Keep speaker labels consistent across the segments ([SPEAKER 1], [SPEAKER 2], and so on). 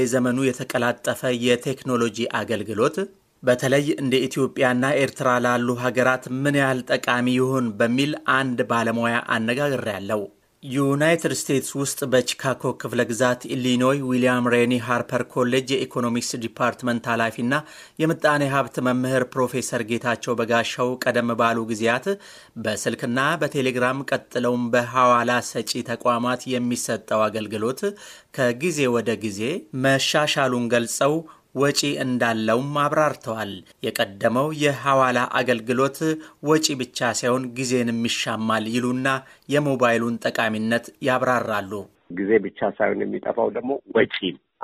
[SPEAKER 1] የዘመኑ የተቀላጠፈ የቴክኖሎጂ አገልግሎት በተለይ እንደ ኢትዮጵያና ኤርትራ ላሉ ሀገራት ምን ያህል ጠቃሚ ይሆን በሚል አንድ ባለሙያ አነጋግሬያለሁ። ዩናይትድ ስቴትስ ውስጥ በቺካጎ ክፍለ ግዛት ኢሊኖይ ዊሊያም ሬኒ ሃርፐር ኮሌጅ የኢኮኖሚክስ ዲፓርትመንት ኃላፊና የምጣኔ ሀብት መምህር ፕሮፌሰር ጌታቸው በጋሻው ቀደም ባሉ ጊዜያት በስልክና በቴሌግራም ቀጥለውም በሐዋላ ሰጪ ተቋማት የሚሰጠው አገልግሎት ከጊዜ ወደ ጊዜ መሻሻሉን ገልጸው ወጪ እንዳለውም አብራርተዋል። የቀደመው የሐዋላ አገልግሎት ወጪ ብቻ ሳይሆን ጊዜንም ይሻማል ይሉና የሞባይሉን ጠቃሚነት ያብራራሉ።
[SPEAKER 2] ጊዜ ብቻ ሳይሆን የሚጠፋው ደግሞ ወጪ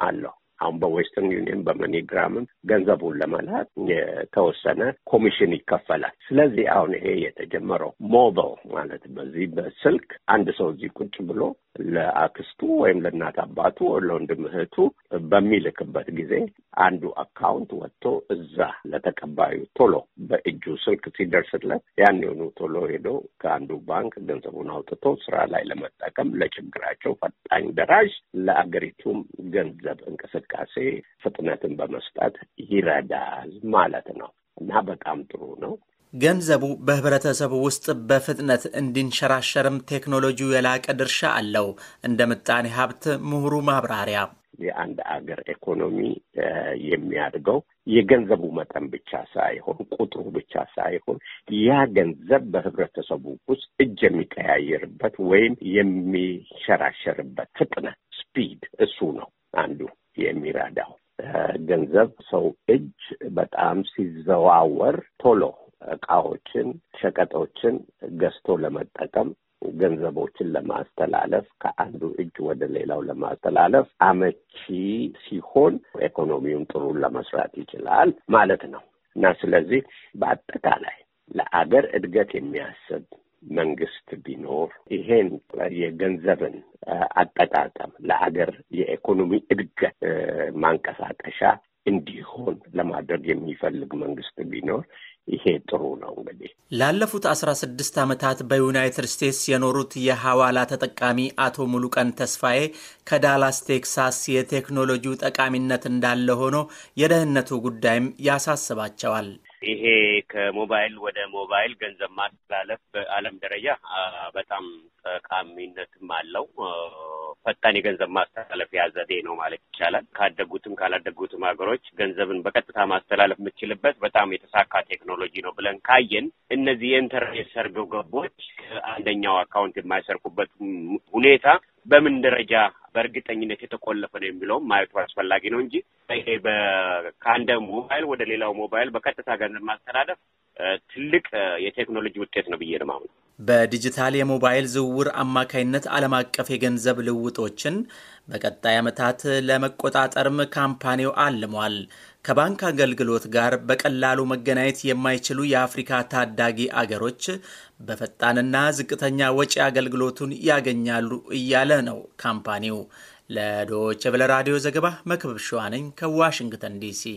[SPEAKER 2] አለው። አሁን በዌስተርን ዩኒየን በመኒግራምም ገንዘቡን ለመላክ የተወሰነ ኮሚሽን ይከፈላል። ስለዚህ አሁን ይሄ የተጀመረው ሞባይል ማለት በዚህ በስልክ አንድ ሰው እዚህ ቁጭ ብሎ ለአክስቱ ወይም ለእናት አባቱ ለወንድም እህቱ በሚልክበት ጊዜ አንዱ አካውንት ወጥቶ እዛ ለተቀባዩ ቶሎ በእጁ ስልክ ሲደርስለት ያን የሆኑ ቶሎ ሄዶ ከአንዱ ባንክ ገንዘቡን አውጥቶ ስራ ላይ ለመጠቀም ለችግራቸው ፈጣኝ ደራሽ ለአገሪቱም ገንዘብ እንቅስቃሴ እንቅስቃሴ ፍጥነትን በመስጠት ይረዳል ማለት ነው እና በጣም ጥሩ ነው።
[SPEAKER 1] ገንዘቡ በህብረተሰቡ ውስጥ በፍጥነት እንዲንሸራሸርም ቴክኖሎጂው የላቀ ድርሻ አለው። እንደ ምጣኔ ሀብት ምሁሩ ማብራሪያ
[SPEAKER 2] የአንድ አገር ኢኮኖሚ የሚያድገው የገንዘቡ መጠን ብቻ ሳይሆን ቁጥሩ ብቻ ሳይሆን ያ ገንዘብ በህብረተሰቡ ውስጥ እጅ የሚቀያየርበት ወይም የሚሸራሸርበት ፍጥነት ስፒድ፣ እሱ ነው አንዱ የሚረዳው ገንዘብ ሰው እጅ በጣም ሲዘዋወር ቶሎ እቃዎችን፣ ሸቀጦችን ገዝቶ ለመጠቀም ገንዘቦችን ለማስተላለፍ ከአንዱ እጅ ወደ ሌላው ለማስተላለፍ አመቺ ሲሆን ኢኮኖሚውን ጥሩ ለመስራት ይችላል ማለት ነው እና ስለዚህ በአጠቃላይ ለአገር እድገት የሚያስብ መንግስት ቢኖር ይሄን የገንዘብን አጠቃቀም ለሀገር የኢኮኖሚ እድገት ማንቀሳቀሻ እንዲሆን ለማድረግ የሚፈልግ መንግስት ቢኖር ይሄ ጥሩ ነው። እንግዲህ
[SPEAKER 1] ላለፉት አስራ ስድስት ዓመታት በዩናይትድ ስቴትስ የኖሩት የሐዋላ ተጠቃሚ አቶ ሙሉቀን ተስፋዬ ከዳላስ ቴክሳስ የቴክኖሎጂው ጠቃሚነት እንዳለ ሆኖ የደህንነቱ ጉዳይም ያሳስባቸዋል።
[SPEAKER 2] ይሄ ከሞባይል ወደ ሞባይል ገንዘብ ማስተላለፍ በዓለም ደረጃ በጣም ጠቃሚነትም አለው። ፈጣን የገንዘብ ማስተላለፊያ ዘዴ ነው ማለት ይቻላል። ካደጉትም ካላደጉትም ሀገሮች ገንዘብን በቀጥታ ማስተላለፍ የምችልበት በጣም የተሳካ ቴክኖሎጂ ነው ብለን ካየን እነዚህ የኢንተርኔት ሰርጎ ገቦች ከአንደኛው አካውንት የማይሰርቁበት ሁኔታ በምን ደረጃ በእርግጠኝነት የተቆለፈ ነው የሚለውም ማየቱ አስፈላጊ ነው እንጂ ይሄ ከአንድ ሞባይል ወደ ሌላው ሞባይል በቀጥታ ገንዘብ ማስተላለፍ ትልቅ የቴክኖሎጂ ውጤት ነው ብዬ ነው
[SPEAKER 1] በዲጂታል የሞባይል ዝውውር አማካይነት ዓለም አቀፍ የገንዘብ ልውጦችን በቀጣይ ዓመታት ለመቆጣጠርም ካምፓኒው አልሟል። ከባንክ አገልግሎት ጋር በቀላሉ መገናኘት የማይችሉ የአፍሪካ ታዳጊ አገሮች በፈጣንና ዝቅተኛ ወጪ አገልግሎቱን ያገኛሉ እያለ ነው ካምፓኒው። ለዶይቼ ቬለ ራዲዮ ዘገባ መክብብ ሸዋነኝ ከዋሽንግተን ዲሲ